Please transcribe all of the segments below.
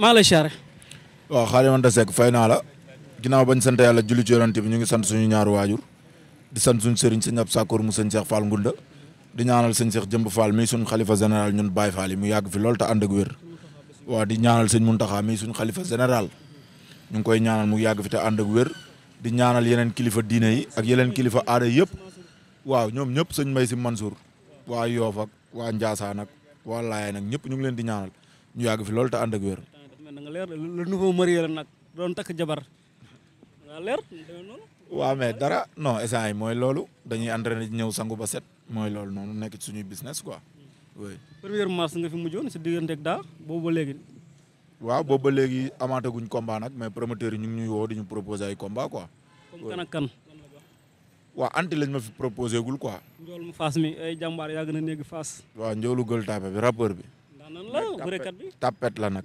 maa lay siyaare. waaw Xaadim Anta Seck fay naa la ginnaaw bañ sant yàlla julli ci yonent ñu ngi sant suñu ñaari waajur di sant suñu sëriñ sëñ ab Sakkoor mu sëñ Cheikh Fall Ngunda di ñaanal sëñ Cheikh Jëmb Fall mii suñu xalifa général ñun Baye Fall yi mu yàgg fi lool te ànd ak wér waaw di ñaanal sëñ Muntaxa mii suñu xalifa général ñu ngi koy ñaanal mu yàgg fi te ànd ak wér di ñaanal yeneen kilifa diine yi ak yeneen kilifa aada yëpp waaw ñoom ñëpp sëñ may Si Mansour waa Yoof ak waa Njaasaan ak waa Laayeen ak ñëpp ñu ngi leen di ñaanal ñu yàgg fi loolu te ànd ak na nga leer le nouveau marié la nag doon takk jabar nga leer noonu. waaw mais dara non essence yi mooy loolu dañuy entraîné sangu ba set mooy loolu noonu nekk ci suñuy business quoi oui. premier mars nga fi mujjoon si diggante ak daa boobu ba léegi. waaw boobu ba léegi amaataguñ combat nag mais promoteurs ñu ngi ñuy woo di ñu proposer ay combat quoi. comme kan ak kan. waaw anti lañ ma fi proposé gul quoi. njool mu faas mi ay jàmbaar a njoolu gël bi tapet la nag.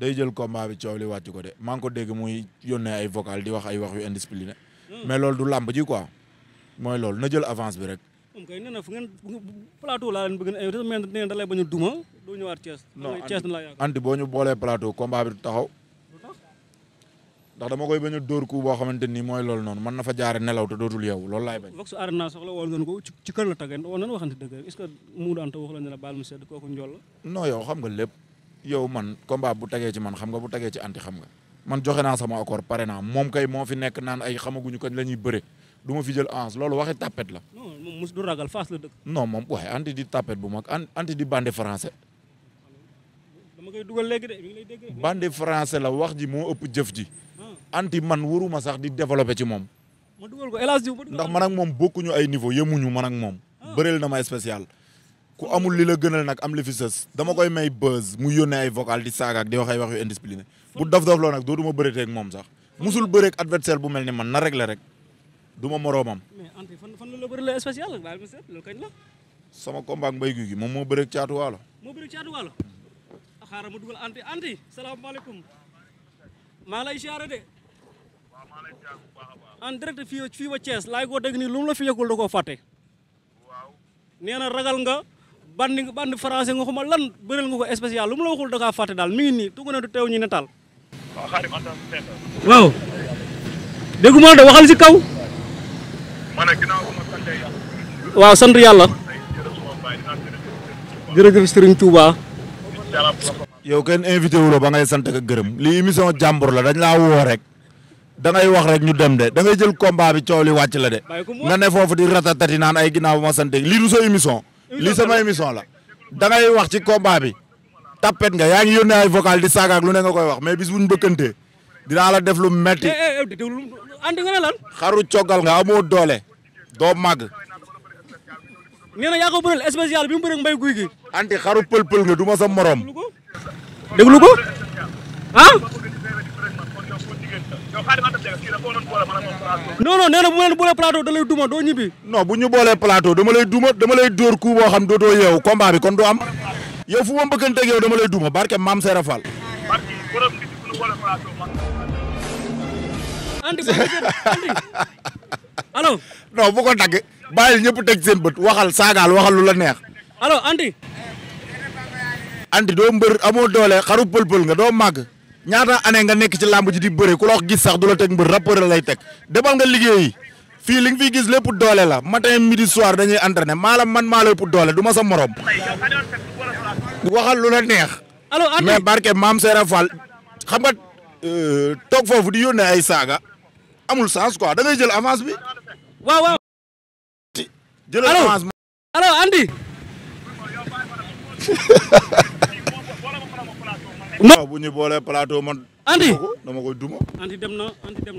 day jël combat bi coow li wàcc ko de maa ngi ko dégg muy yónnee ay vocal di wax ay wax yu indiscipliné hmm. mais loolu du làmb ji mooy loolu na jël avance bi rek. moom plateau laa leen bëgg a invité mais nee na da lay bañ a duma doo ñëwaat Thiès. non anti boo ñu boolee plateau combat bi du dama koy bañ a dóor ku boo xamante ni mooy loolu noonu mën na jaare nelaw te dootul yow loolu laay bañ. Vox Arena soxla ko ci la tàggee woon nañu waxante dëgg est-ce Anta wax la ne la baal mu sedd kooku njool la. non yow xam lépp. yow man combat bu tegee ci man xam nga bu tegee ci anti xam nga man joxe naa sama accord pare naa moom kay moo fi nekk naan ay xamaguñu kañ la ñuy bëre du ma fi jël avance loolu waxi tapet la. non moom ragal face la dëkk. non moom waaye anti di tapet bu mag anti di bande français. dama koy léegi de mi ngi lay dégg. bande français la wax ji moo ëpp jëf ji. Ah. anti man waruma sax di développé ci moom. ma dugal ko ndax man ak moom bokkuñu ay niveau yemuñu man ak moom. Ah. bëreel na ma spécial. ku amul li la gënal nag am li fi sës dama koy may buzz mu yónnee ay vocal di saaga ak di wax ay bu dof dof loo nag dootuma bëreetee ak moom sax musul bëreek adversaire bu mel man na rek la rek du ma moroomam. mais Anta fan fan la la bëri la spécial baal ma seet loolu kañ la. sama combat ak mbay guy gi moom moo bëreek caatu waalo. direct fii fii wa Thiès laay ko dégg nii lu mu la fi yëgul da koo nga. bandi bandi français nga xuma lan bëreel nga ko spécial lu mu la waxul da kaa fàtte daal mi ngi nii tugg na du teew ñu ne taal. waaw xaarim waaw. dégguma de waxal si kaw. man sant yàlla. waaw sant yàlla. jërëjëf Serigne Touba. yow kenn invité wu ba ngay sant ak gërëm lii émission jàmbur la dañ laa woo rek. da ngay wax rek ñu dem de da ngay jël combat bi coow li wàcc la de. nga ne foofu di ratatati naan ay ginnaaw ma sant lii du sa lii sama émission la da ngay wax ci combat bi tapet nga yaa ngi yónnee ay vocal di saagaak lu ne nga koy wax mais bis bu ñu bëkkantee dinaa la def lu metti eh, eh, eh, andi nga ne lan xaru nga amoo doole doo màgg nee na yaa ko bëral bi mu bëri mbay guy gi anti xaru pël-pël nga du ma sa morom déglu ko ah? non non nee na bu ma leen boolee plateau da doo ñibbi. non bu ñu boolee plateau dama lay duma dama lay dóor ku boo xam dootoo yeewu combat bi kon du am. yow fu ma mbëkkanteeg yow dama barke maam Seera Fall. andi allo. non bu ko dagg bàyyil ñëpp teg seen bët waxal saagaal waxal lu la neex. alo andi. andi doo mbër amoo doole xaru pël-pël nga doo màgg. ñaata année nga nekk ci làmb ji di bëre ku la wax gis sax du la teg mbër rapport lay teg demal nga liggéeyi fii li nga fiy gis lépp doole la matin midi soir dañuy entraîné maanaam man maa la ëpp doole du ma sa morom. waxal lu la neex. alors mais barke maam Seera Fall xam nga euh, toog foofu di yónnee ay saaga amul sens quoi da ngay jël avance bi. waaw waaw. non bu ñu boolee plateau man. anti dama koy duma. anti dem na anti dem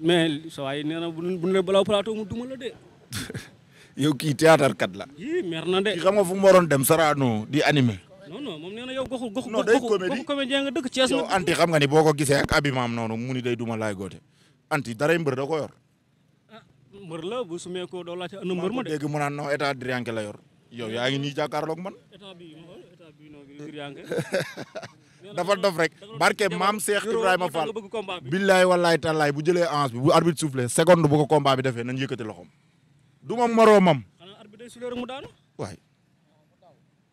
nee na bu ñu bu ñu la balaaw duma la de. kii théâtre la. yii na de. kii xam fu mu waroon dem Sorano di animé. non non moom nee yow goxu goxu. non day comédie goxu comédien anti xam nga ni boo ko gisee ak abimam noonu mu ni day duma laay goote da ko yor. ah mbër la bu sumee ko doo laajte ana ma de. dégg la yor. yow yaa ngi nii jàkkaarloog man. état dafa dof rek barke maam Cheikh Ibrahima Fall billaay wallaay tallaay bu jëlee avance bi bu arbitre soufflé seconde bu ko combat bi defee nañ yëkkati loxoom du ma moroomam waay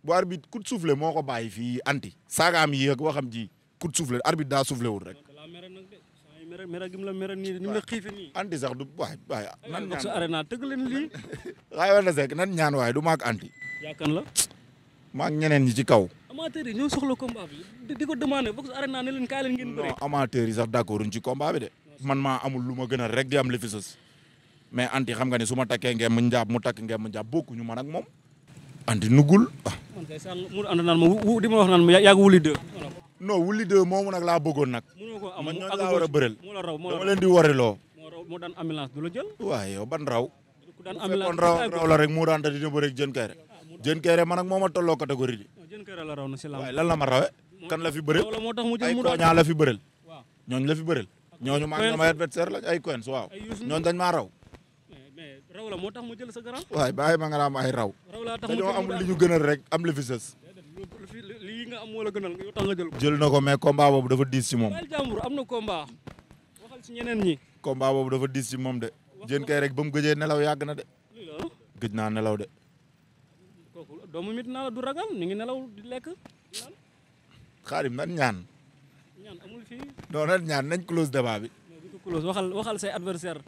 bu arbitre coup de soufflé moo ko bàyyi fii anti saagaam yi ak waxam ji coup de soufflé arbitre daa soufflé wul rek anti sax du waay waay nan ñaan waay du maag anti maa ak ñeneen ñi ci kaw amateurs yi ñoo soxla combat bi di ko demandé Vox Arena ne yi sax d'accord ñu ci combat bi de. man maa amul lu ma gën a rek am li mais anti xam nga ne su ma takkee ngeen mu njaab mu takk ngeen mu njaab bokkuñu man ak moom. anti nugul ah. man kay sànq mu ànd naan ma wu di ma wax naan ma yàgg wuli deux. non wuli deux laa bëggoon nag. mënoo ko am man ñooñu a bëreel. moo la raw moo la raw di wariloo. moo raw moo daan ambulance du la jël. waaw yow ban raw. ku daan ambulance kon raw raw la rek daan da dina bëri jën kayre. jën kayre man ak moom a tolloo catégorie bi. jën kër la raw na si lamb waaye lan la ma rawe kan la fi bëreel ay koñaa la fi bëreel ñooñu la fi bëreel ñooñu maa ngi sama adversaire lañ ay coins waaw ñooñu dañ maa raw raw la moo tax mu jël sa garab waaye bàyyi ma nga am ay raw dañoo amul li ñu gënal rek am la fi sës lii nga am moo la gënal nga jël ko jël na ko mais combat boobu dafa diis si moom jàmbur am na combat waxal ñeneen ñi combat boobu dafa diis si moom de jën kay rek ba mu gëjee nelaw yàgg na de gëj naa nelaw de doomu Médina la du ragal mi ngi nelaw di lekk naan. xaarim nan ñaan. ñaan amul fii. non na ñaan nañ close débat bi. non close waxal waxal say adversaire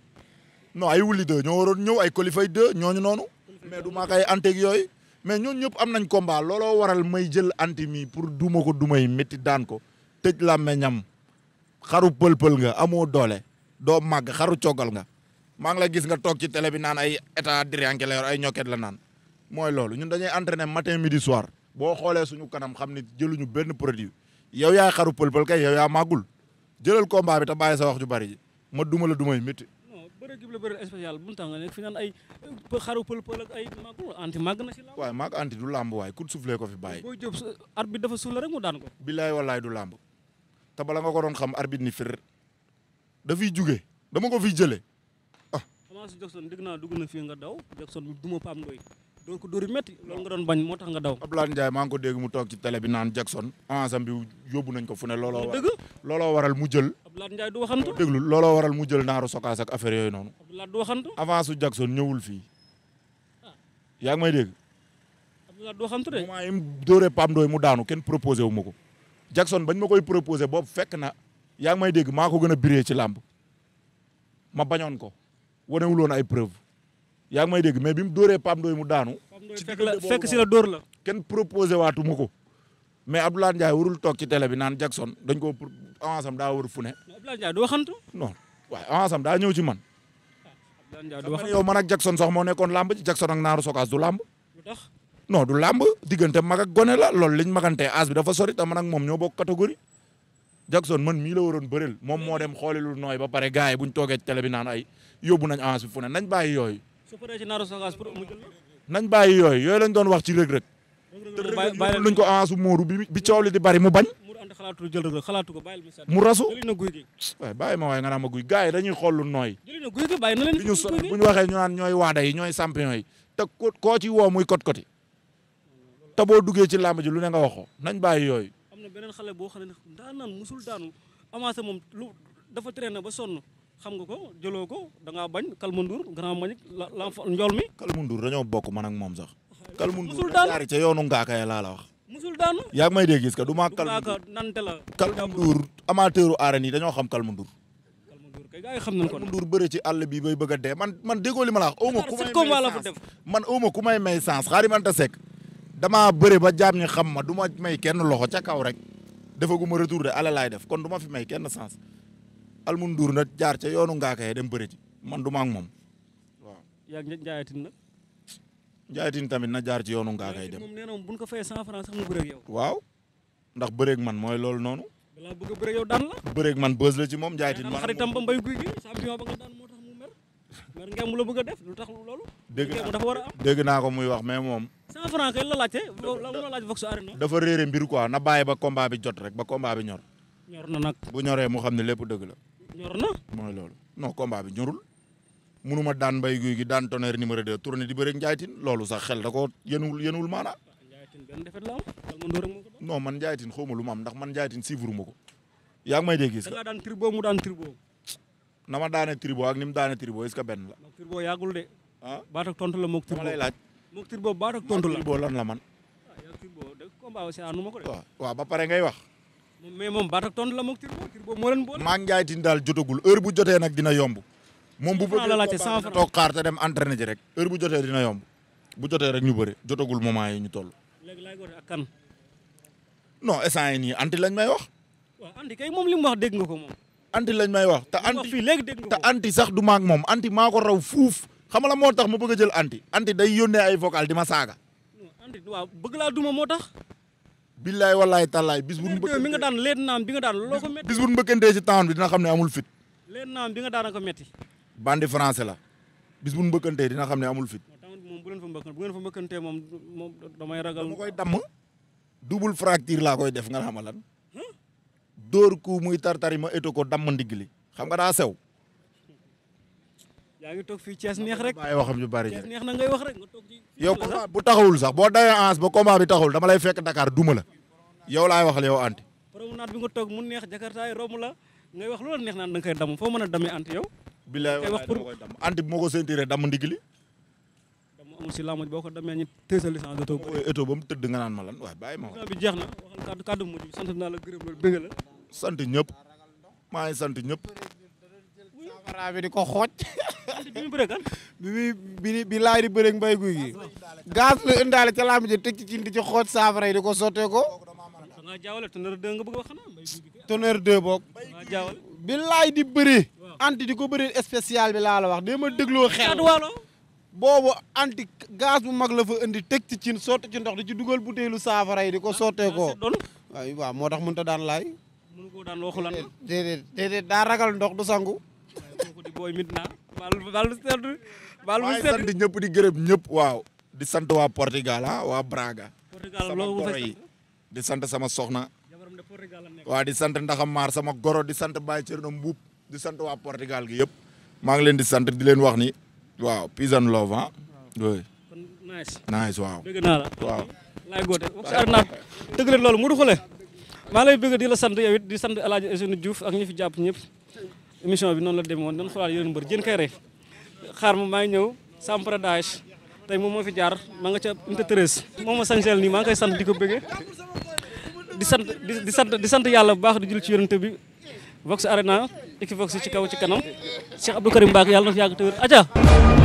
non ay wuli deux ñoo waroon ñëw ay qualifié deux ñooñu noonu. mais du maa koy anteeg yooyu. mais ñooñu ñëpp am nañ combat looloo waral may jël anti mi pour duma ko dumay métti daan ko tëj làmmeñam xaru pël nga amoo doole doo màgg xaru coggal nga maa ngi la gis nga toog ci télé bi naan ay état diriyanke la yor ay ñokket la naan mooy loolu ñun dañuy entraîner matin midi soir boo xoolee suñu kanam xam ni jëluñu benn produit yow yaa xaru pël-pël kay yow yaa magul jëlal combat bi te bàyyi sa wax ju bari ma duma la dumay métti. non bëre gi bu mu tax nga ne fi naan ay euh, xaru màgg na si waaye màgg anti du làmb waaye ku suuflee ko fi bàyyi. booy jóg at bi dafa suuf la rek mu daan ko. billaay wallaay du làmb te bala nga ko doon xam arbitre ni fir dafiy jugee dama ko fiy jëlee ah. Thomas Jackson dégg naa dugg na fii nga daw Jackson bi duma Pape Ndoye donc dóor yu métti loolu nga doon bañ moo tax nga daw Abdoulaye Ndiaye maa ngi ko dégg mu toog ci télé bi naan Jackson ensemble bi yóbbu nañ ko fu ne looloo dëgg looloo waral mu jël Abdoulaye Ndiaye du waxantu déglu looloo waral mu jël naaru sokaas ak affaire yooyu noonu Abdoulaye du waxantu avance su Jackson ñëwul fii ah. yaa ngi may dégg Abdoulaye du waxantu de moment yi mu dóoree Pam Ndoy mu daanu kenn proposé wu ma ko Jackson bañ ma koy proposé boobu fekk na yaa ngi may dégg maa ko gën a biree ci làmb ma bañoon ko wanewuloon ay yaa ngi may dégg mais bi mu dóoree Pape Ndoye mu daanu. fekk si la dóor la. kenn proposé waatu ma ko mais Abdoulaye Ndiaye warul toog ci télé bi naan Jackson dañ ko pour avance am daa war fu ne. Abdoulaye Ndiaye du waxantu. non waaye am daa ñëw ci man. Abdoulaye yow man ak Jackson sax moo nekkoon làmb ci Jackson ak Naaru Sokaas du làmb. non du làmb diggante mag ak gone la loolu liñ magantee as bi dafa sori te man ak moom ñoo bokk catégorie. Jackson man mii la waroon bëril moom moo dem xooli lu nooy ba pare gars yi buñ toogee ci télé bi naan ay yóbbu nañ avance bi fu nañ bàyyi yooyu su paree ci naaru sogaas pour mu jël nañ bàyyi yooyu yooyu lañ doon wax ci rëg-rëg luñ ko avance muuru bi bi coow li di bari mu bañ mu rasu waaye bàyyi ma waaye nga naa ma guy gars yi dañuy xool lu nooy di ñu so bu ñu waxee ñu naan ñooy waada yi ñooy champion yi te koo ci woo muy kot xam nga ko jëloo ko da ngaa bañ Kalmandour grand manik la la njool mi. Kalmandour dañoo bokk man ak moom sax. Kalmandour daari ca yoonu ngaaka ya laa la wax. musul daanu yaa ngi gis ka du maa Kalmandour nante la. Kalmandour amateuru yi dañoo xam Kalmandour. xam nañ ko Kalmandour bëre ci àll bi bay bëgg a dee man man déggoo li ma la wax. awma ku man awma ku may may sens xaari damaa bëre ba jaam ñi xam ma duma ma may kenn loxo ca kaw rek. defaguma retour de ala laay def kon du ma fi may kenn sens almunduur na jaar ca yoonu ngaaka ya dem bëri ji man du ma ak moom waaw. yaa ngi njaayatin nag. njaayatin tamit na jaar ci yoonu ngaaka ya dem. moom nee na bu ñu ko fayee cent franc sax mu bëreeg yow. waaw ndax bëreeg man mooy loolu noonu. balaa bëgg a bëreeg yow daan la. bëreeg man bës la ci moom njaayatin. maanaam xaritam ba mbay guy la bëgg def tax loolu. dégg dégg naa ko muy wax mais moom. cent dafa mbir quoi na bàyyi ba combat bi jot rek ba combat bi ñor. ñor na ñoree mu xam ne lépp dëgg la ñor na mooy loolu non combat bi ñorul munuma daan ba guy gi daan tonnerre numéro 2 tourné di bëri njaaytin loolu sax xel da ko yenuwul yenuwul maanaa non man njaaytin xaw ma lu ma am ndax man njaaytin siifuru ma ko yaa ngi may dégg gis nga daan mu daan tribo na ma daane tribo ak ni mu daane tribo est-ce que benn la tribo yàggul de ah baat ak la mook tribo lay laaj mook la tribo lan la man ah, tribo de combat waaw ba pare ngay wax mais moom baat ak tontu la moom Turbo Turbo moo leen boole. maa ngi Ndiaye Tine daal jotagul heure bu jotee nag dina yomb. moom bu bëggee combat toog xaar te dem entraîné ji rek. heure bu jotee dina yomb bu jotee rek ñu bëri jotagul moment yi ñu toll. léegi laay góor ak kan. non instant yii nii anti lañ may wax. waaw anti kay moom li mu wax dégg nga ko moom. anti lañ may wax te anti fii léegi dégg nga ko te anti sax du maag moom anti maa ko raw fuuf xam la moo tax ma bëgg a jël anti anti day yónnee ay vocal di ma saaga. anti waaw bëgg laa duma moo tax. billaay wallaay tallaay bis bu mi nga daan leen naam bi nga daan loo ko métti bis bu nu mbëkkantee si taan bi dina xam ne amul fit leen naam bi nga daan ko métti bandi français la bis bu nu mbëkkantee dina xam ne amul fit moom bu leen fa mbëkkante bu ngeen fa mbëkkantee moom moom damay ragal dama koy damm double fracture laa koy def nga xama lan dóor ku muy tartari ma éto ko damm ndigg li xam nga daa sew yaa ngi toog fii Thiès neex rek bàyyi waxam ñu bari Thiès neex na ngay wax rek nga toog yow combat bu boo dawee ans dama lay fekk Dakar duma la yow laay waxal yow anti promenade bi nga toog mu neex la ngay wax loolu neex da nga koy damm foo a damee anti yow bilaay wax moo ko sentiré damm ndigili dama amul boo ko damee ñu teesa licence d'auto auto ba mu tëdd nga naan ma ma wax na waxal kàddu kàddu mujj sant naa la gërëm la bëgg la sant ñëpp maa ngi sant safara bi di ko xooj. bi muy bi bi laay di bëreeg mbay guy gi. gaz la indaale ca làmb ji teg ci cin di ci xooj saafara yi di ko sottee ko. tonnerre 2 boog. bi laay di bëree. anti di ko bëree spécial bi laa la wax dee ma dégloo xel. boobu anti gaz bu mag la fa indi teg ci cin sotti ci ndox di ci dugal butéelu saafara yi di ko ah, sottee ko. waaw moo tax mënut daan lay mënu daa ragal ndox du sangu. kooku di booy Medina bal bal sant bal bu sant di ñëpp di gërëm ñëpp waaw di sant waa Portugal ah waa Braga sama goro yi di sant sama soxna waaw di sant ndaxam maar sama goro di sant Baye Thierno Mbuub di sant waa Portugal gi yëpp maa ngi leen di sant di leen wax ni waaw peace and love ah oui nice waaw dëgg naa la waaw laay góote si ar naat dëgg leen loolu mu du xule maa lay bëgg di la sant yow it di sant El Hadj Ousseynou Diouf ak ñi fi jàpp ñëpp émission bi noonu la demee woon doon xoolaat yeneen mbër jën kay rek xaar ma maa ngi ñëw sampradage tey moom moo fi jaar maa nga ca unité treize moom ma sañseel nii maa ngi koy sant di ko bëggee di sant di sant di sant yàlla bu baax di jul ci yonente bi Vox Arena Equivox ci kaw ci kanam Cheikh Abdou Karim Mbacke yàlla na fi yàgg te wér